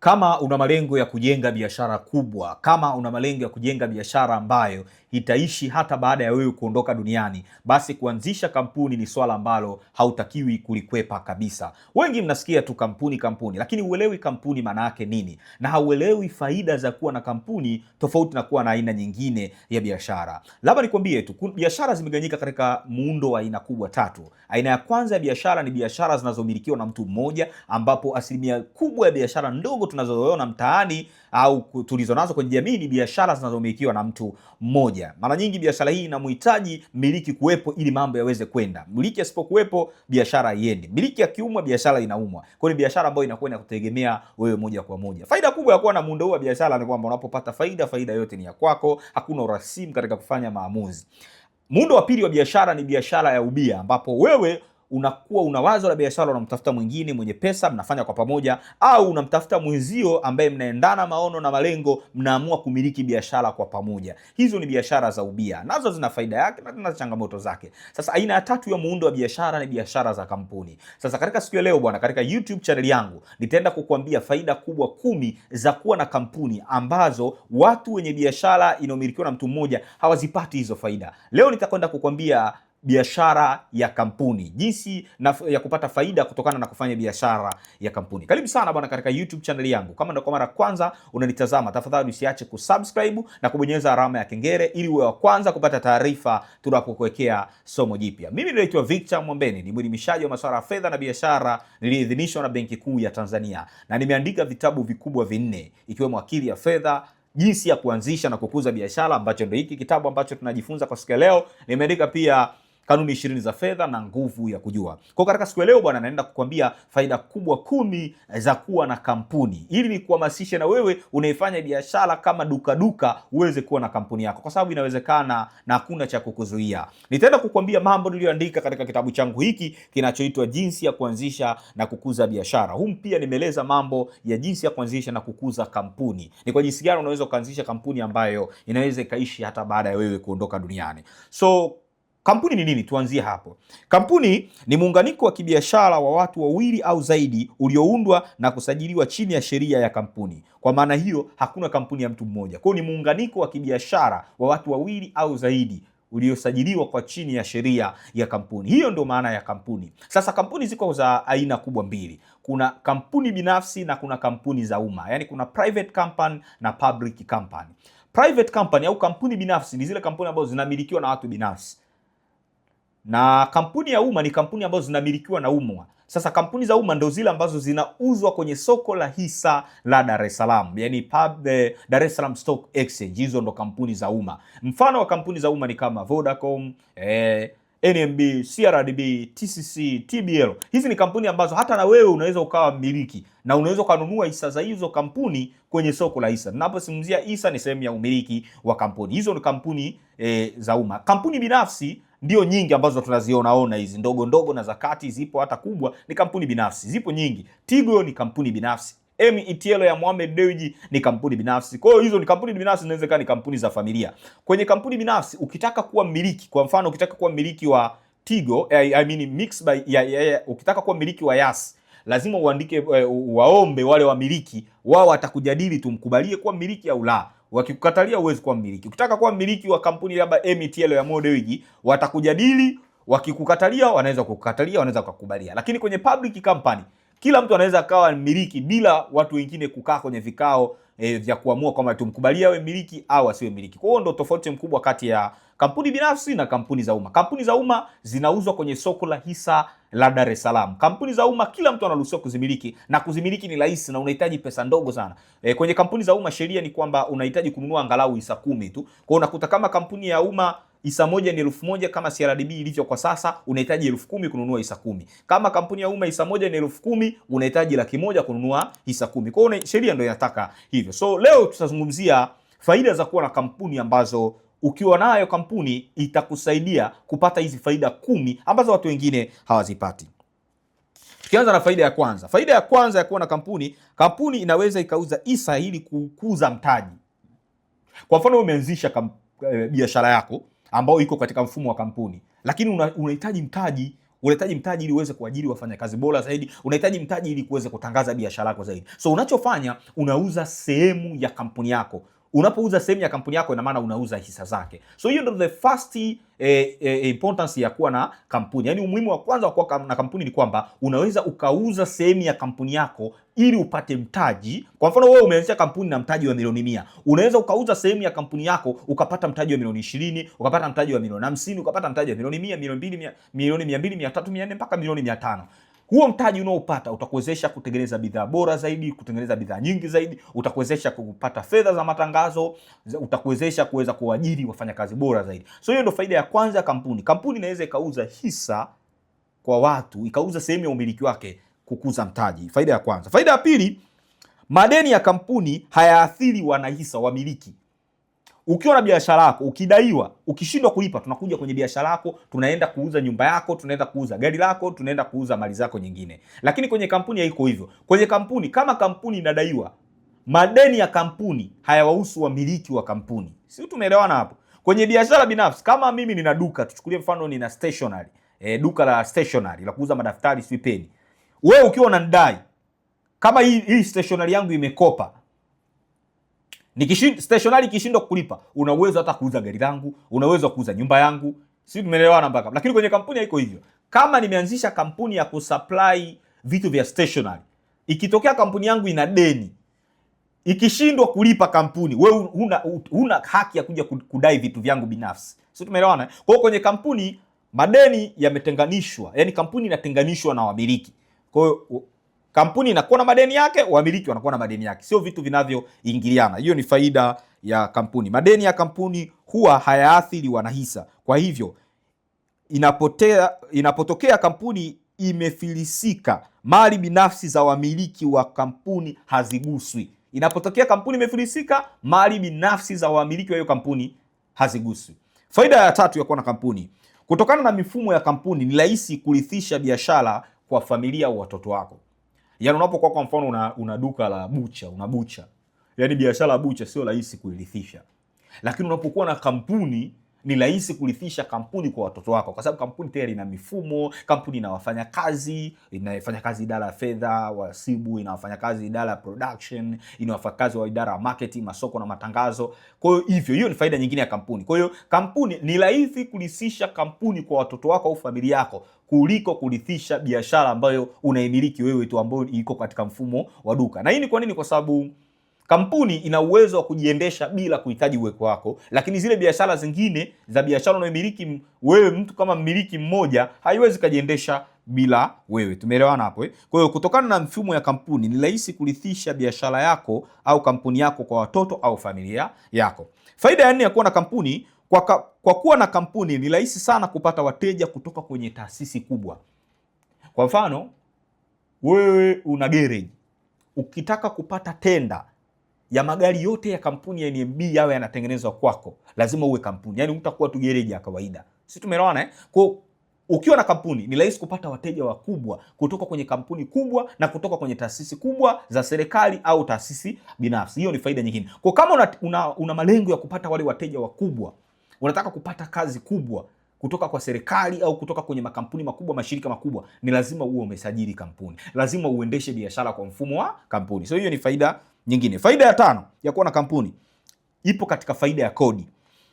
Kama una malengo ya kujenga biashara kubwa, kama una malengo ya kujenga biashara ambayo itaishi hata baada ya wewe kuondoka duniani, basi kuanzisha kampuni ni swala ambalo hautakiwi kulikwepa kabisa. Wengi mnasikia tu kampuni kampuni, lakini huelewi kampuni maana yake nini, na hauelewi faida za kuwa na kampuni tofauti na kuwa na aina nyingine ya biashara. Labda nikwambie tu, biashara zimeganyika katika muundo wa aina kubwa tatu. Aina ya kwanza ya biashara ni biashara zinazomilikiwa na mtu mmoja, ambapo asilimia kubwa ya biashara ndogo tunazoona mtaani au tulizonazo kwenye jamii ni biashara zinazomilikiwa na mtu mmoja. Mara nyingi biashara hii inamhitaji miliki kuwepo ili mambo yaweze kwenda. Miliki asipokuwepo biashara haiendi. Miliki akiumwa biashara inaumwa. Kwa hiyo ni biashara ambayo inakuwa inakutegemea wewe moja kwa moja. Faida kubwa ya kuwa na muundo huu wa biashara ni kwamba unapopata faida, faida yote ni ya kwako. Hakuna urasimu katika kufanya maamuzi. Muundo wa pili wa biashara ni biashara ya ubia ambapo wewe unakuwa una wazo la biashara, unamtafuta mwingine mwenye pesa, mnafanya kwa pamoja, au unamtafuta mwenzio ambaye mnaendana maono na malengo, mnaamua kumiliki biashara kwa pamoja. Hizo ni biashara za ubia, nazo zina faida yake na zina changamoto zake. Sasa aina ya tatu ya muundo wa biashara ni biashara za kampuni. Sasa katika siku ya leo bwana, katika YouTube channel yangu nitaenda kukuambia faida kubwa kumi za kuwa na kampuni ambazo watu wenye biashara inayomilikiwa na mtu mmoja hawazipati hizo faida. Leo nitakwenda kukuambia biashara ya kampuni, jinsi na ya kupata faida kutokana na kufanya biashara ya kampuni. Karibu sana bwana katika YouTube channel yangu. Kama ndio kwa mara kwanza unanitazama, tafadhali usiache kusubscribe na kubonyeza alama ya kengele ili uwe wa kwanza kupata taarifa tunapokuwekea somo jipya. Mimi naitwa Victor Mwambeni, ni mwelimishaji wa masuala ya fedha na biashara niliyeidhinishwa na Benki Kuu ya Tanzania na nimeandika vitabu vikubwa vinne ikiwemo Akili ya Fedha, jinsi ya kuanzisha na kukuza biashara ambacho ndio hiki kitabu ambacho tunajifunza kwa siku leo. Nimeandika pia kanuni ishirini za fedha na nguvu ya kujua. Kwa katika siku ya leo bwana, naenda kukuambia faida kubwa kumi eh, za kuwa na kampuni, ili ni kuhamasisha na wewe unaifanya biashara kama duka duka uweze kuwa na kampuni yako, kwa sababu inawezekana na hakuna cha kukuzuia. Nitaenda kukuambia mambo niliyoandika katika kitabu changu hiki kinachoitwa Jinsi ya Kuanzisha na Kukuza Biashara. Humu pia nimeeleza mambo ya jinsi ya kuanzisha na kukuza kampuni, ni kwa jinsi gani unaweza ukaanzisha kampuni ambayo inaweza ikaishi hata baada ya wewe kuondoka duniani. So Kampuni ni nini? Tuanzie hapo. Kampuni ni muunganiko wa kibiashara wa watu wawili au zaidi ulioundwa na kusajiliwa chini ya sheria ya kampuni. Kwa maana hiyo, hakuna kampuni ya mtu mmoja. Kwa hiyo ni muunganiko wa kibiashara wa watu wawili au zaidi uliosajiliwa kwa chini ya sheria ya kampuni. Hiyo ndio maana ya kampuni. Sasa kampuni ziko za aina kubwa mbili, kuna kampuni binafsi na kuna kampuni za umma, yaani kuna private company na public company. Private company au kampuni binafsi ni zile kampuni ambazo zinamilikiwa na watu binafsi na kampuni ya umma ni kampuni ambazo zinamilikiwa na umma. Sasa kampuni za umma ndio zile ambazo zinauzwa kwenye soko la hisa la Dar es Salaam, yani pub, eh, Dar es Salaam Stock Exchange. Hizo ndo kampuni za umma. Mfano wa kampuni za umma ni kama Vodacom, eh, NMB, CRDB, TCC, TBL. Hizi ni kampuni ambazo hata na wewe unaweza ukawa mmiliki na unaweza ukanunua hisa za hizo kampuni kwenye soko la hisa. Ninaposimulia hisa ni sehemu ya umiliki wa kampuni. Hizo ni kampuni eh, za umma. Kampuni binafsi ndio nyingi ambazo tunazionaona hizi ndogo ndogo na zakati zipo, hata kubwa ni kampuni binafsi, zipo nyingi. Tigo ni kampuni binafsi METL ya Mohamed Dewji ni kampuni binafsi. Kwa hiyo hizo ni kampuni binafsi, zinaweza ni kampuni za familia. Kwenye kampuni binafsi ukitaka kuwa mmiliki, kwa mfano ukitaka kuwa mmiliki wa Tigo, eh, I mean mix by ya, ya, ya, ukitaka kuwa mmiliki wa Yas lazima uandike, eh, waombe wale wamiliki wao, watakujadili tumkubalie kuwa mmiliki au la. Wakikukatalia huwezi kuwa mmiliki. Ukitaka kuwa mmiliki wa kampuni labda MTL ya Modewiji, watakujadili. Wakikukatalia wanaweza kukukatalia, wanaweza kukubalia. Lakini kwenye public company kila mtu anaweza akawa mmiliki bila watu wengine kukaa kwenye vikao e, vya kuamua kwamba tumkubalia awe mmiliki au asiwe mmiliki. Kwa hiyo ndo tofauti mkubwa kati ya kampuni binafsi na kampuni za umma. Kampuni za umma zinauzwa kwenye soko la hisa la Dar es Salaam. Kampuni za umma kila mtu anaruhusiwa kuzimiliki na kuzimiliki ni rahisi na unahitaji pesa ndogo sana. E, kwenye kampuni za umma sheria ni kwamba unahitaji kununua angalau hisa kumi tu. Kwa hiyo unakuta kama kampuni ya umma isa moja ni elfu moja kama CRDB ilivyo kwa sasa, unahitaji elfu kumi kununua isa kumi. Kama kampuni ya umma isa moja ni elfu kumi unahitaji laki moja kununua isa kumi. Kwa hiyo sheria ndio inataka hivyo. So leo tutazungumzia faida za kuwa na kampuni ambazo ukiwa nayo kampuni itakusaidia kupata hizi faida kumi ambazo watu wengine hawazipati. Tukianza na faida ya kwanza, faida ya kwanza ya kuwa na kampuni, kampuni inaweza ikauza isa ili kukuza mtaji. Kwa mfano umeanzisha eh, biashara yako ambao iko katika mfumo wa kampuni, lakini unahitaji mtaji unahitaji mtaji ili uweze kuajiri wafanyakazi bora zaidi, unahitaji mtaji ili kuweze kutangaza biashara yako zaidi. So unachofanya unauza sehemu ya kampuni yako unapouza sehemu ya kampuni yako, ina maana unauza hisa zake. So hiyo ndio the first eh, eh, importance ya kuwa na kampuni, yaani umuhimu wa kwanza wa kuwa na kampuni ni kwamba unaweza ukauza sehemu ya kampuni yako ili upate mtaji. Kwa mfano wewe umeanzisha kampuni na mtaji wa milioni mia, unaweza ukauza sehemu ya kampuni yako ukapata mtaji wa milioni ishirini, ukapata mtaji wa milioni hamsini, ukapata mtaji wa milioni 100, milioni 200, milioni mia mbili, 400 mpaka milioni mia huo mtaji unaopata utakuwezesha kutengeneza bidhaa bora zaidi, kutengeneza bidhaa nyingi zaidi, utakuwezesha kupata fedha za matangazo, utakuwezesha kuweza kuajiri wafanyakazi bora zaidi. So hiyo ndio faida ya kwanza ya kampuni. Kampuni inaweza ikauza hisa kwa watu, ikauza sehemu ya umiliki wake kukuza mtaji. Faida ya kwanza. Faida ya pili, madeni ya kampuni hayaathiri wanahisa, wamiliki ukiwa na biashara yako ukidaiwa, ukishindwa kulipa, tunakuja kwenye biashara yako, tunaenda kuuza nyumba yako, tunaenda kuuza gari lako, tunaenda kuuza mali zako nyingine. Lakini kwenye kampuni haiko hivyo. Kwenye kampuni, kama kampuni inadaiwa, madeni ya kampuni hayawahusu wamiliki wa kampuni. Si tumeelewana hapo? Kwenye biashara binafsi, kama mimi nina duka, tuchukulie mfano nina stationary e, eh, duka la stationary la kuuza madaftari, sipeni Wewe ukiwa unanidai kama hii, hii stationery yangu imekopa Nikishind, stationari ikishindwa kukulipa, una hata kuuza gari langu, una wa kuuza nyumba yangu, si tumeelewana mpaka? Lakini kwenye kampuni haiko hivyo. Kama nimeanzisha kampuni ya kusupply vitu vya stationary ikitokea kampuni yangu ina deni, ikishindwa kulipa kampuni, we huna, huna haki ya kuja kudai vitu vyangu binafsi, si tumeelewana? Eh? Kwa hiyo kwenye kampuni madeni yametenganishwa, yani kampuni inatenganishwa na wamiliki. Kwa hiyo Kampuni inakuwa na madeni yake, wamiliki wanakuwa na madeni yake, sio vitu vinavyoingiliana. Hiyo ni faida ya kampuni. Madeni ya kampuni huwa hayaathiri wanahisa. Kwa hivyo inapotea, inapotokea kampuni imefilisika, mali binafsi za wamiliki wa kampuni haziguswi. Inapotokea kampuni imefilisika, mali binafsi za wamiliki wa hiyo kampuni haziguswi. Faida ya tatu ya kuwa na kampuni, kutokana na mifumo ya kampuni, ni rahisi kurithisha biashara kwa familia au watoto wako. Yani unapokuwa kwa mfano una, una duka la bucha, una bucha. yani biashara ya bucha sio rahisi kuirithisha. Lakini unapokuwa na kampuni ni rahisi kurithisha kampuni kwa watoto wako, kwa sababu kampuni tayari ina mifumo, kampuni ina wafanyakazi, inafanya kazi idara ya fedha, wasibu, ina wafanyakazi idara ya production, ina wafanyakazi wa idara ya marketing, masoko na matangazo. Kwa hiyo hivyo, hiyo ni faida nyingine ya kampuni. Kwa hiyo kampuni ni rahisi kurithisha kampuni kwa watoto wako au familia yako kuliko kurithisha biashara ambayo unaimiliki wewe tu, ambayo iko katika mfumo wa duka. Na hii ni kwa nini? Kwa sababu Kampuni ina uwezo wa kujiendesha bila kuhitaji uwepo wako, lakini zile biashara zingine za biashara unayomiliki wewe mtu kama mmiliki mmoja haiwezi kajiendesha bila wewe. Tumeelewana hapo eh? Kwa hiyo kutokana na mfumo ya kampuni ni rahisi kurithisha biashara yako au kampuni yako kwa watoto au familia yako. Faida ya nne ya kuwa na kampuni kwa, ka, kwa kuwa na kampuni ni rahisi sana kupata wateja kutoka kwenye taasisi kubwa. Kwa mfano, wewe una gereji, ukitaka kupata tenda ya magari yote ya kampuni ya NMB yawe yanatengenezwa kwako, lazima uwe kampuni, yani utakuwa tu gereji ya kawaida. Si tumeelewana eh? Kwa ukiwa na kampuni ni rahisi kupata wateja wakubwa kutoka kwenye kampuni kubwa na kutoka kwenye taasisi kubwa za serikali au taasisi binafsi. Hiyo ni faida nyingine. Kwa kama una, una, una malengo ya kupata wale wateja wakubwa, unataka kupata kazi kubwa kutoka kwa serikali au kutoka kwenye makampuni makubwa, mashirika makubwa, ni lazima uwe umesajili kampuni, lazima uendeshe biashara kwa mfumo wa kampuni. So hiyo ni faida nyingine. Faida ya tano ya kuwa na kampuni ipo katika faida ya kodi.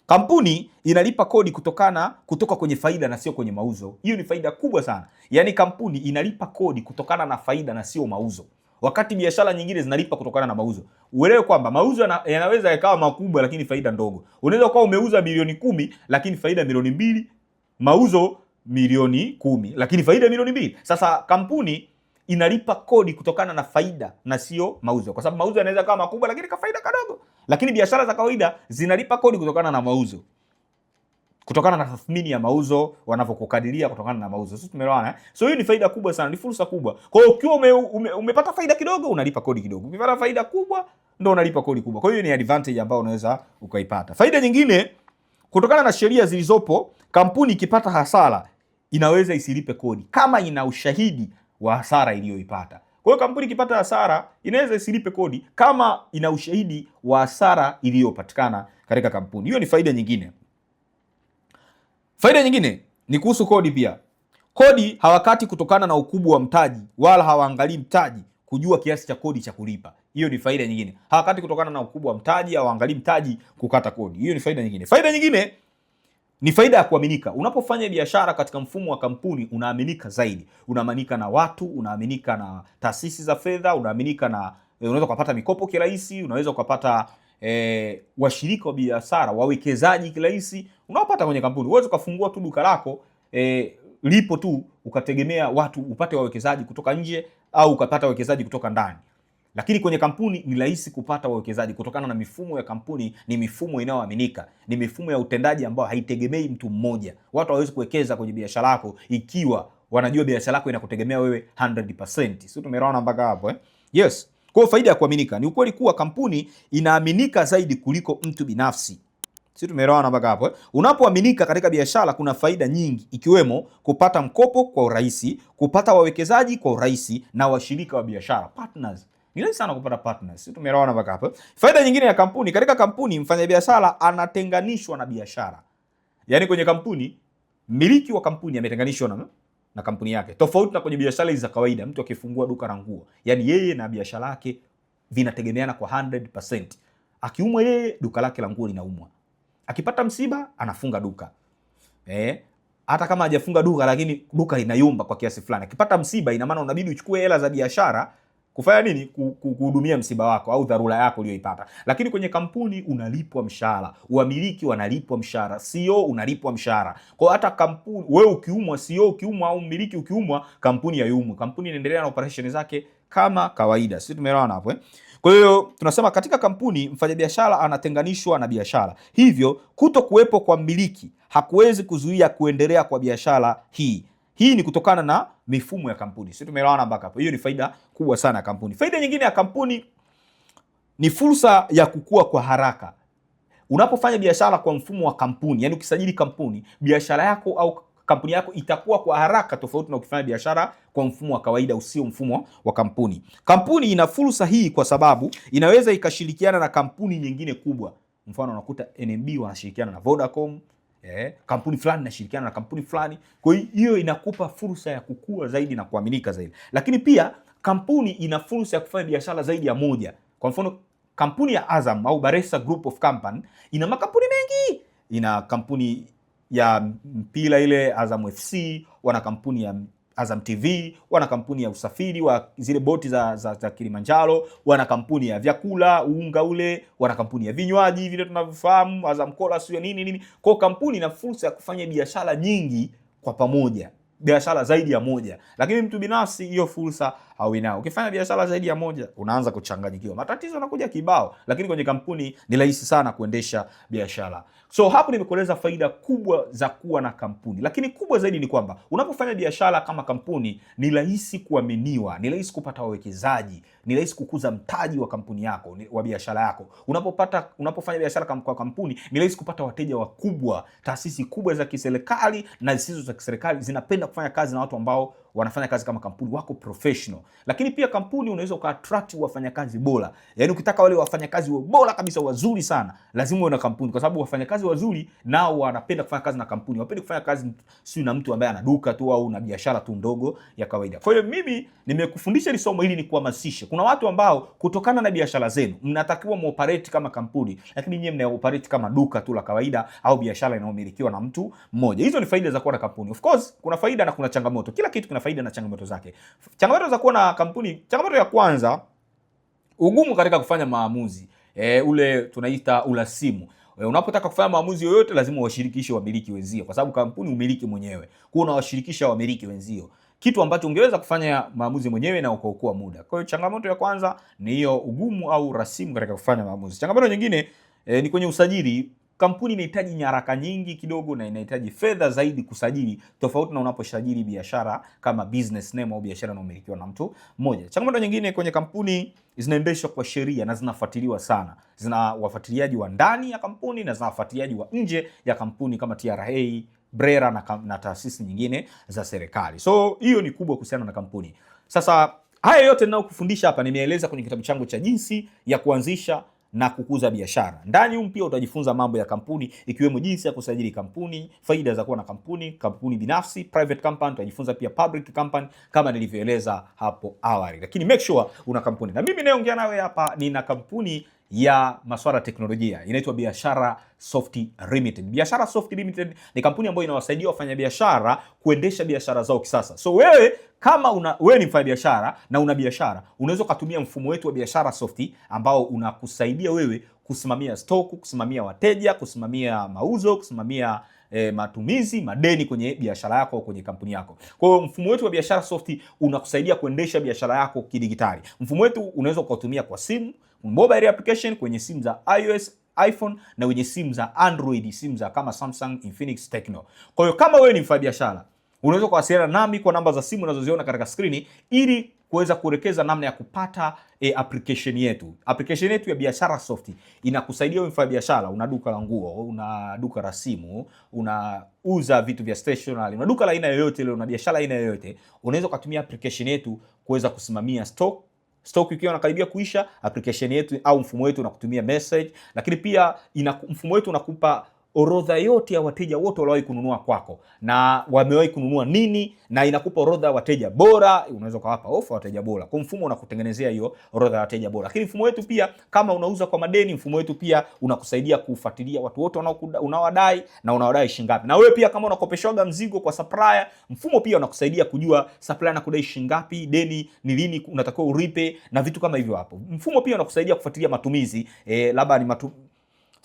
Kampuni inalipa kodi kutokana kutoka kwenye faida na sio kwenye mauzo. Hiyo ni faida kubwa sana, yaani kampuni inalipa kodi kutokana na faida na sio mauzo, wakati biashara nyingine zinalipa kutokana na mauzo. Uelewe kwamba mauzo yanaweza yakawa makubwa lakini faida ndogo. Unaweza ukawa umeuza milioni kumi lakini faida milioni mbili, mauzo milioni kumi lakini faida milioni mbili. Sasa kampuni inalipa kodi kutokana na faida na sio mauzo, kwa sababu mauzo yanaweza kawa makubwa lakini ka faida kadogo, lakini biashara za kawaida zinalipa kodi kutokana na mauzo kutokana na tathmini ya mauzo wanavyokukadiria kutokana na mauzo. Sisi tumeelewana eh? So hiyo ni faida kubwa sana, ni fursa kubwa. Kwa hiyo ukiwa ume, ume, umepata faida kidogo unalipa kodi kidogo, ukipata faida kubwa ndio unalipa kodi kubwa. Kwa hiyo ni advantage ambayo unaweza ukaipata. Faida nyingine, kutokana na sheria zilizopo, kampuni ikipata hasara inaweza isilipe kodi kama ina ushahidi wa hasara iliyoipata. Kwa hiyo kampuni ikipata hasara inaweza isilipe kodi kama ina ushahidi wa hasara iliyopatikana katika kampuni hiyo. Ni faida nyingine. Faida nyingine ni kuhusu kodi pia. Kodi hawakati kutokana na ukubwa wa mtaji, wala hawaangalii mtaji kujua kiasi cha kodi cha kulipa. Hiyo ni faida nyingine. Hawakati kutokana na ukubwa wa mtaji, hawaangalii mtaji kukata kodi. Hiyo ni faida nyingine. Faida nyingine ni faida ya kuaminika. Unapofanya biashara katika mfumo wa kampuni, unaaminika zaidi, unaaminika na watu, unaaminika na taasisi za fedha, unaaminika na, eh, unaweza ukapata mikopo kirahisi, unaweza ukapata e, eh, washirika wa biashara, wawekezaji kirahisi unaopata kwenye kampuni. Uweze ukafungua tu duka lako e, lipo tu ukategemea watu upate wawekezaji kutoka nje au ukapata wawekezaji kutoka ndani. Lakini kwenye kampuni ni rahisi kupata wawekezaji kutokana na mifumo ya kampuni ni mifumo inayoaminika, ni mifumo ya utendaji ambayo haitegemei mtu mmoja. Watu hawawezi kuwekeza kwenye biashara yako ikiwa wanajua biashara yako inakutegemea wewe 100%. Si tumeona mpaka hapo eh? Yes. Kwa hiyo faida ya kuaminika ni ukweli kuwa kampuni inaaminika zaidi kuliko mtu binafsi. Si tumeelewana mpaka hapo eh? Unapoaminika katika biashara kuna faida nyingi ikiwemo kupata mkopo kwa urahisi, kupata wawekezaji kwa urahisi na washirika wa biashara partners. Ni rahisi sana kupata partners. Tumeelewana mpaka hapo. Faida nyingine ya kampuni, katika kampuni mfanyabiashara anatenganishwa na biashara. Yaani kwenye kampuni miliki wa kampuni ametenganishwa na na kampuni yake. Tofauti na kwenye biashara za kawaida, mtu akifungua duka la nguo, yani yeye na biashara yake vinategemeana kwa 100%. Akiumwa yeye, duka lake la nguo linaumwa. Akipata msiba, anafunga duka. Eh, hata kama hajafunga duka lakini duka linayumba kwa kiasi fulani. Akipata msiba, ina maana unabidi uchukue hela za biashara kufanya nini? Kuhudumia msiba wako au dharura yako uliyoipata. Lakini kwenye kampuni unalipwa mshahara, wamiliki wanalipwa mshahara, CEO unalipwa mshahara. Kwa hata kampuni wewe ukiumwa, CEO ukiumwa au mmiliki ukiumwa, kampuni haiumwi, kampuni inaendelea na operesheni zake kama kawaida. Sisi tumeelewana hapo eh? Kwa hiyo tunasema katika kampuni mfanyabiashara anatenganishwa na biashara, hivyo kuto kuwepo kwa mmiliki hakuwezi kuzuia kuendelea kwa biashara hii. Hii ni kutokana na mifumo ya kampuni, sio? Tumeelewana mpaka hapo? Hiyo ni faida kubwa sana ya kampuni. Faida nyingine ya kampuni ni fursa ya kukua kwa haraka. Unapofanya biashara kwa mfumo wa kampuni, yani ukisajili kampuni, biashara yako au kampuni yako itakuwa kwa haraka tofauti na ukifanya biashara kwa mfumo wa kawaida usio mfumo wa kampuni. Kampuni ina fursa hii kwa sababu inaweza ikashirikiana na kampuni nyingine kubwa. Mfano unakuta NMB wanashirikiana na Vodacom eh, kampuni fulani inashirikiana na kampuni fulani. Kwa hiyo inakupa fursa ya kukua zaidi na kuaminika zaidi, lakini pia kampuni ina fursa ya kufanya biashara zaidi ya moja. Kwa mfano kampuni ya Azam au Baresa Group of Company ina makampuni mengi, ina kampuni ya mpira ile Azam FC, wana kampuni ya Azam TV, wana kampuni ya usafiri wa zile boti za, za, za Kilimanjaro, wana kampuni ya vyakula unga ule, wana kampuni ya vinywaji vile tunavyofahamu Azam Cola, sio nini nini. Kwa kampuni na fursa ya kufanya biashara nyingi kwa pamoja, biashara zaidi ya moja, lakini mtu binafsi hiyo fursa hawinao. Ukifanya biashara zaidi ya moja, unaanza kuchanganyikiwa, matatizo yanakuja kibao, lakini kwenye kampuni ni rahisi sana kuendesha biashara. So hapo nimekueleza faida kubwa za kuwa na kampuni, lakini kubwa zaidi ni kwamba unapofanya biashara kama kampuni ni rahisi kuaminiwa, ni rahisi kupata wawekezaji, ni rahisi kukuza mtaji wa kampuni yako, wa biashara yako. Unapopata, unapofanya biashara kwa kampuni ni rahisi kupata wateja wakubwa. Taasisi kubwa za kiserikali na zisizo za kiserikali zinapenda kufanya kazi na watu ambao wanafanya kazi kama kampuni, wako professional. Lakini pia kampuni unaweza ukaattract wafanyakazi bora, yaani ukitaka wale wafanyakazi bora kabisa wazuri sana, lazima uwe na kampuni, kwa sababu wafanyakazi wazuri nao wanapenda kufanya kazi na kampuni, wapendi kufanya kazi si na mtu ambaye ana duka tu au na biashara tu ndogo ya kawaida. Kwa hiyo mimi nimekufundisha hili somo ili nikuhamasishe, kuna watu ambao kutokana na biashara zenu mnatakiwa muoperate kama kampuni, lakini nyinyi mnaoperate kama duka tu la kawaida au biashara inayomilikiwa na mtu mmoja. Hizo ni faida za kuwa na kampuni. Of course kuna faida na kuna changamoto, kila kitu kina faida na changamoto zake. Changamoto za kuwa na kampuni, changamoto ya kwanza, ugumu katika kufanya maamuzi e, ule tunaita urasimu. E, unapotaka kufanya maamuzi yoyote lazima uwashirikishe wamiliki wenzio, kwa sababu kampuni umiliki mwenyewe, kwa unawashirikisha wamiliki wenzio, kitu ambacho ungeweza kufanya maamuzi mwenyewe na ukaokoa muda. Kwa hiyo changamoto ya kwanza ni hiyo, ugumu au rasimu katika kufanya maamuzi. Changamoto nyingine e, ni kwenye usajili kampuni inahitaji nyaraka nyingi kidogo na inahitaji fedha zaidi kusajili, tofauti na unaposajili biashara kama business name au biashara inayomilikiwa na mtu mmoja. Changamoto nyingine kwenye kampuni zinaendeshwa kwa sheria na zinafuatiliwa sana, zina wafuatiliaji wa ndani ya kampuni na zina wafuatiliaji wa nje ya kampuni kama TRA, BRELA na, na taasisi nyingine za serikali. So hiyo ni kubwa kuhusiana na kampuni. Sasa haya yote ninayokufundisha hapa nimeeleza kwenye kitabu changu cha jinsi ya kuanzisha na kukuza biashara. Ndani humu pia utajifunza mambo ya kampuni ikiwemo jinsi ya kusajili kampuni, faida za kuwa na kampuni, kampuni binafsi, private company, utajifunza pia public company kama nilivyoeleza hapo awali. Lakini make sure una kampuni. Na mimi nayeongea nawe hapa nina kampuni ya masuala ya teknolojia inaitwa Biashara Soft Limited. Biashara Soft Limited ni kampuni ambayo inawasaidia wafanyabiashara kuendesha biashara zao kisasa. So wewe kama una, wewe ni mfanyabiashara na una biashara, unaweza ukatumia mfumo wetu wa Biashara Soft ambao unakusaidia wewe kusimamia stoku, kusimamia wateja, kusimamia mauzo, kusimamia e, matumizi, madeni kwenye biashara yako au kwenye kampuni yako. Kwa hiyo mfumo wetu wa biashara soft unakusaidia kuendesha biashara yako kidigitali. Mfumo wetu unaweza ukautumia kwa simu, mobile application kwenye simu za iOS iPhone na wenye simu za Android, simu za kama Samsung, Infinix, Tecno. Kwa hiyo kama wewe ni mfanyabiashara, unaweza kuwasiliana nami kwa namba za simu unazoziona katika skrini ili kuweza kuelekeza namna ya kupata e, application yetu. Application yetu ya biashara soft inakusaidia wewe biashara una duka la nguo, una duka la simu, unauza vitu vya stationery, una duka la aina yoyote ile, una biashara aina yoyote, unaweza kutumia application yetu kuweza kusimamia stock stock ikiwa inakaribia kuisha, application yetu au mfumo wetu unakutumia message, lakini pia ina, mfumo wetu unakupa orodha yote ya wateja wote waliowahi kununua kwako na wamewahi kununua nini, na inakupa orodha ya wateja bora. Unaweza ukawapa ofa wateja bora, kwa mfumo unakutengenezea hiyo orodha ya wateja bora. Lakini mfumo wetu pia, kama unauza kwa madeni, mfumo wetu pia unakusaidia kufuatilia watu wote unaowadai na unawadai shingapi. Na wewe pia kama unakopeshwaga mzigo kwa supplier, mfumo pia unakusaidia kujua supplier anakudai shilingi ngapi, deni ni lini unatakiwa uripe na vitu kama hivyo hapo. Mfumo pia unakusaidia kufuatilia matumizi e, labda ni matumizi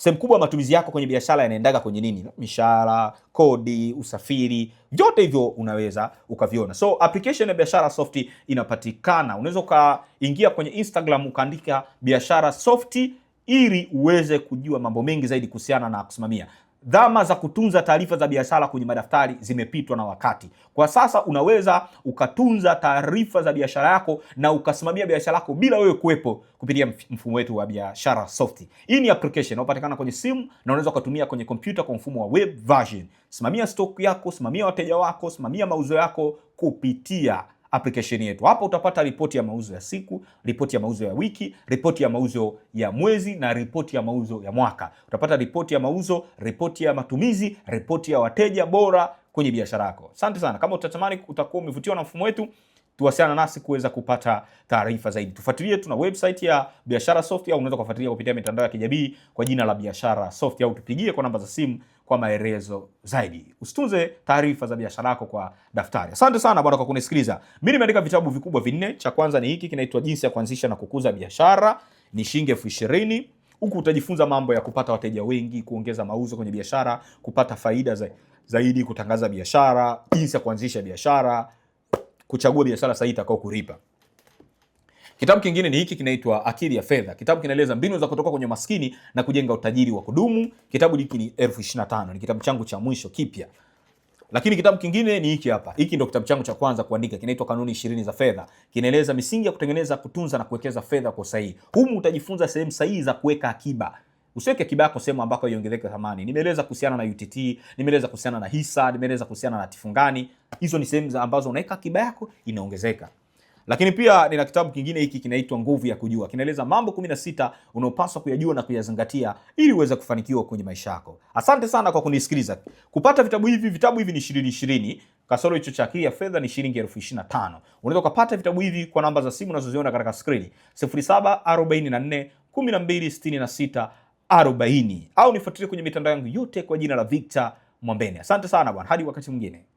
sehemu kubwa ya matumizi yako kwenye biashara yanaendaga kwenye nini? Mishahara, kodi, usafiri, vyote hivyo unaweza ukaviona. So application ya biashara soft inapatikana, unaweza ukaingia kwenye Instagram ukaandika biashara soft ili uweze kujua mambo mengi zaidi kuhusiana na kusimamia. Dhama za kutunza taarifa za biashara kwenye madaftari zimepitwa na wakati. Kwa sasa unaweza ukatunza taarifa za biashara yako na ukasimamia biashara yako bila wewe kuwepo kupitia mfumo wetu wa biashara soft. Hii ni application inayopatikana kwenye simu na unaweza ukatumia kwenye kompyuta kwa mfumo wa web version. Simamia stock yako, simamia wateja wako, simamia mauzo yako kupitia application yetu. Hapa utapata ripoti ya mauzo ya siku, ripoti ya mauzo ya wiki, ripoti ya mauzo ya mwezi na ripoti ya mauzo ya mwaka. Utapata ripoti ya mauzo, ripoti ya matumizi, ripoti ya wateja bora kwenye biashara yako. Asante sana. Kama utatamani utakuwa umevutiwa na mfumo wetu, tuwasiliana nasi kuweza kupata taarifa zaidi. Tufuatilie, tuna website ya Biashara Soft au unaweza kufuatilia kupitia mitandao ya kijamii kwa jina la Biashara Soft au tupigie kwa namba za simu kwa maelezo zaidi. Usitunze taarifa za biashara yako kwa daftari. Asante sana bwana kwa kunisikiliza. Mimi nimeandika vitabu vikubwa vinne. Cha kwanza ni hiki kinaitwa Jinsi ya Kuanzisha na Kukuza Biashara, ni shilingi elfu ishirini. Huku utajifunza mambo ya kupata wateja wengi, kuongeza mauzo kwenye biashara, kupata faida za, zaidi, kutangaza biashara, jinsi ya kuanzisha biashara, kuchagua biashara sahihi itakao kulipa. Kitabu kingine ni hiki kinaitwa Akili ya Fedha. Kitabu kinaeleza mbinu za kutoka kwenye maskini na kujenga utajiri wa kudumu. Kitabu hiki ni elfu ishirini na tano. Ni kitabu changu cha mwisho kipya. Lakini kitabu kingine ni hiki hapa. Hiki ndio kitabu changu cha kwanza kuandika, kinaitwa Kanuni ishirini za Fedha. Kinaeleza misingi ya kutengeneza, kutunza na kuwekeza fedha kwa usahihi. Humu utajifunza sehemu sahihi za kuweka akiba. Usiweke akiba yako sehemu ambako iongezeke thamani. Nimeeleza kuhusiana na UTT, nimeeleza kuhusiana na hisa, nimeeleza kuhusiana na hatifungani. Hizo ni sehemu ambazo unaweka akiba yako inaongezeka. Lakini pia nina kitabu kingine hiki kinaitwa Nguvu ya Kujua, kinaeleza mambo 16 unaopaswa kuyajua na kuyazingatia ili uweze kufanikiwa kwenye maisha yako. Asante sana kwa kunisikiliza. Kupata vitabu hivi, vitabu hivi ni ishirini ishirini kasoro hicho cha kia fedha ni shilingi elfu ishirini na tano. Unaweza ukapata vitabu hivi kwa namba za simu unazoziona katika skrini 0744126640 au nifuatilie kwenye mitandao yangu yote kwa jina la Victor Mwambene. Asante sana bwana, hadi wakati mwingine.